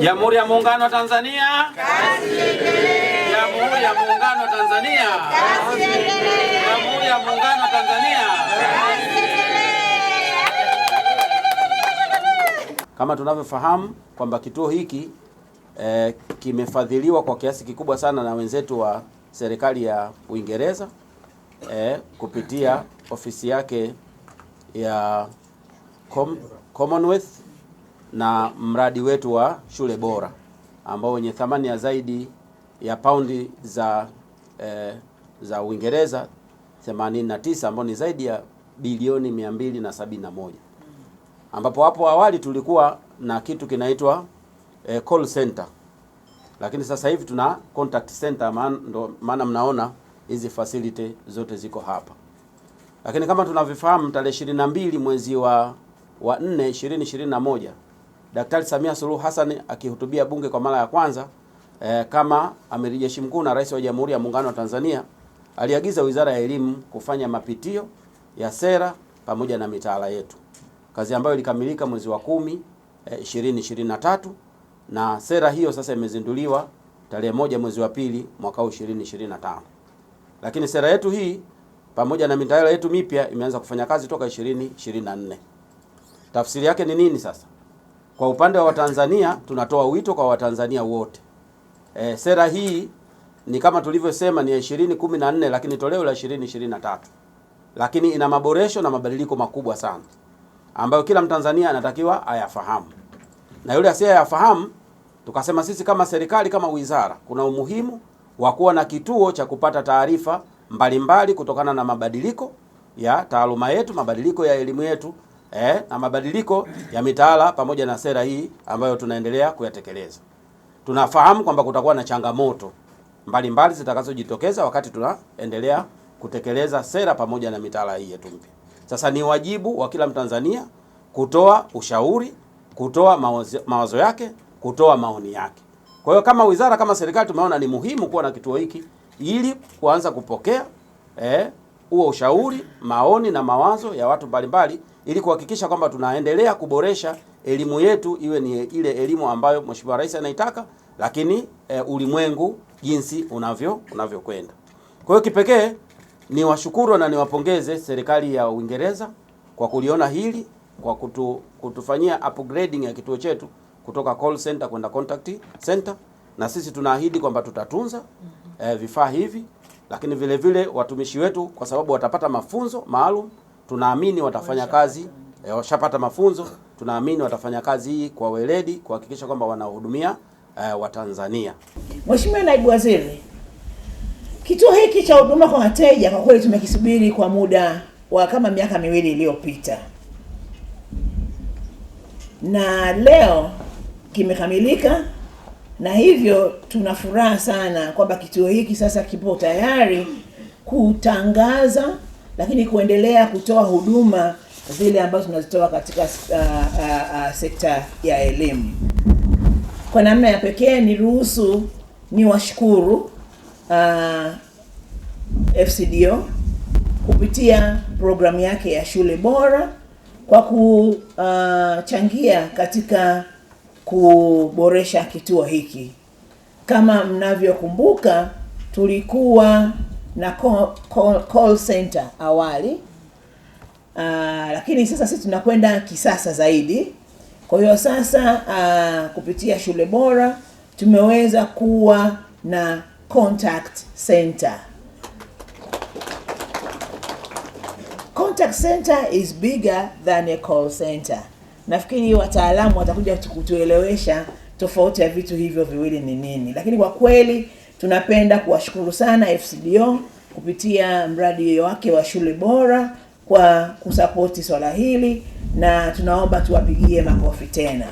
Jamhuri ya Muungano wa Tanzania. Jamhuri ya Muungano wa Tanzania. Jamhuri ya Muungano wa Tanzania. Kama tunavyofahamu kwamba kituo hiki eh, kimefadhiliwa kwa kiasi kikubwa sana na wenzetu wa serikali ya Uingereza eh, kupitia ofisi yake ya Com Commonwealth na mradi wetu wa shule bora ambao wenye thamani ya zaidi ya paundi za e, za Uingereza 89 ambao ni zaidi ya bilioni 271, ambapo hapo awali tulikuwa na kitu kinaitwa e, call center, lakini sasa hivi tuna contact center, ndo maana mnaona hizi facility zote ziko hapa. Lakini kama tunavyofahamu, tarehe 22 mwezi wa wa 4 2021 Daktari Samia Suluhu Hassan akihutubia bunge kwa mara ya kwanza e, kama amiri jeshi mkuu na rais wa Jamhuri ya Muungano wa Tanzania aliagiza Wizara ya Elimu kufanya mapitio ya sera pamoja na mitaala yetu, kazi ambayo ilikamilika mwezi wa kumi eh, 2023 na sera hiyo sasa imezinduliwa tarehe moja mwezi wa pili mwaka 2025. Lakini sera yetu hii pamoja na mitaala yetu mipya imeanza kufanya kazi toka 2024. Tafsiri yake ni nini sasa? Kwa upande wa Watanzania tunatoa wito kwa Watanzania wote e, sera hii ni kama tulivyosema ni ya 2014 lakini toleo la 2023 lakini ina maboresho na mabadiliko makubwa sana ambayo kila Mtanzania anatakiwa ayafahamu, na yule asiyeyafahamu tukasema sisi kama serikali kama wizara, kuna umuhimu wa kuwa na kituo cha kupata taarifa mbalimbali kutokana na mabadiliko ya taaluma yetu, mabadiliko ya elimu yetu eh, na mabadiliko ya mitaala pamoja na sera hii ambayo tunaendelea kuyatekeleza. Tunafahamu kwamba kutakuwa na changamoto mbalimbali zitakazojitokeza wakati tunaendelea kutekeleza sera pamoja na mitaala hii yetu mpya. Sasa ni wajibu wa kila Mtanzania kutoa ushauri, kutoa mawazo, mawazo yake, kutoa maoni yake. Kwa hiyo kama wizara, kama serikali tumeona ni muhimu kuwa na kituo hiki ili kuanza kupokea eh, huo ushauri, maoni na mawazo ya watu mbalimbali ili kuhakikisha kwamba tunaendelea kuboresha elimu yetu iwe ni ile elimu ambayo Mheshimiwa Rais anaitaka, lakini e, ulimwengu jinsi unavyo unavyokwenda. Kwa hiyo kipekee ni washukuru na niwapongeze serikali ya Uingereza kwa kuliona hili kwa kutu, kutufanyia upgrading ya kituo chetu kutoka call center kwenda contact center, na sisi tunaahidi kwamba tutatunza e, vifaa hivi lakini vile vile watumishi wetu kwa sababu watapata mafunzo maalum, tunaamini watafanya kazi e, washapata mafunzo, tunaamini watafanya kazi hii kwa weledi kuhakikisha kwamba wanahudumia e, Watanzania. Mheshimiwa Naibu Waziri, kituo hiki cha huduma kwa wateja kwa kweli tumekisubiri kwa muda wa kama miaka miwili iliyopita na leo kimekamilika na hivyo tuna furaha sana kwamba kituo hiki sasa kipo tayari kutangaza, lakini kuendelea kutoa huduma zile ambazo tunazitoa katika uh, uh, uh, sekta ya elimu. Kwa namna ya pekee niruhusu washukuru uh, FCDO kupitia programu yake ya shule bora kwa kuchangia uh, katika kuboresha kituo hiki. Kama mnavyokumbuka, tulikuwa na call, call, call center awali uh, lakini sasa sisi tunakwenda kisasa zaidi. Kwa hiyo sasa uh, kupitia shule bora tumeweza kuwa na contact center. Contact center is bigger than a call center nafikiri wataalamu watakuja kutuelewesha tofauti ya vitu hivyo viwili ni nini, lakini kwa kweli tunapenda kuwashukuru sana FCDO kupitia mradi wake wa shule bora kwa kusapoti swala hili, na tunaomba tuwapigie makofi tena.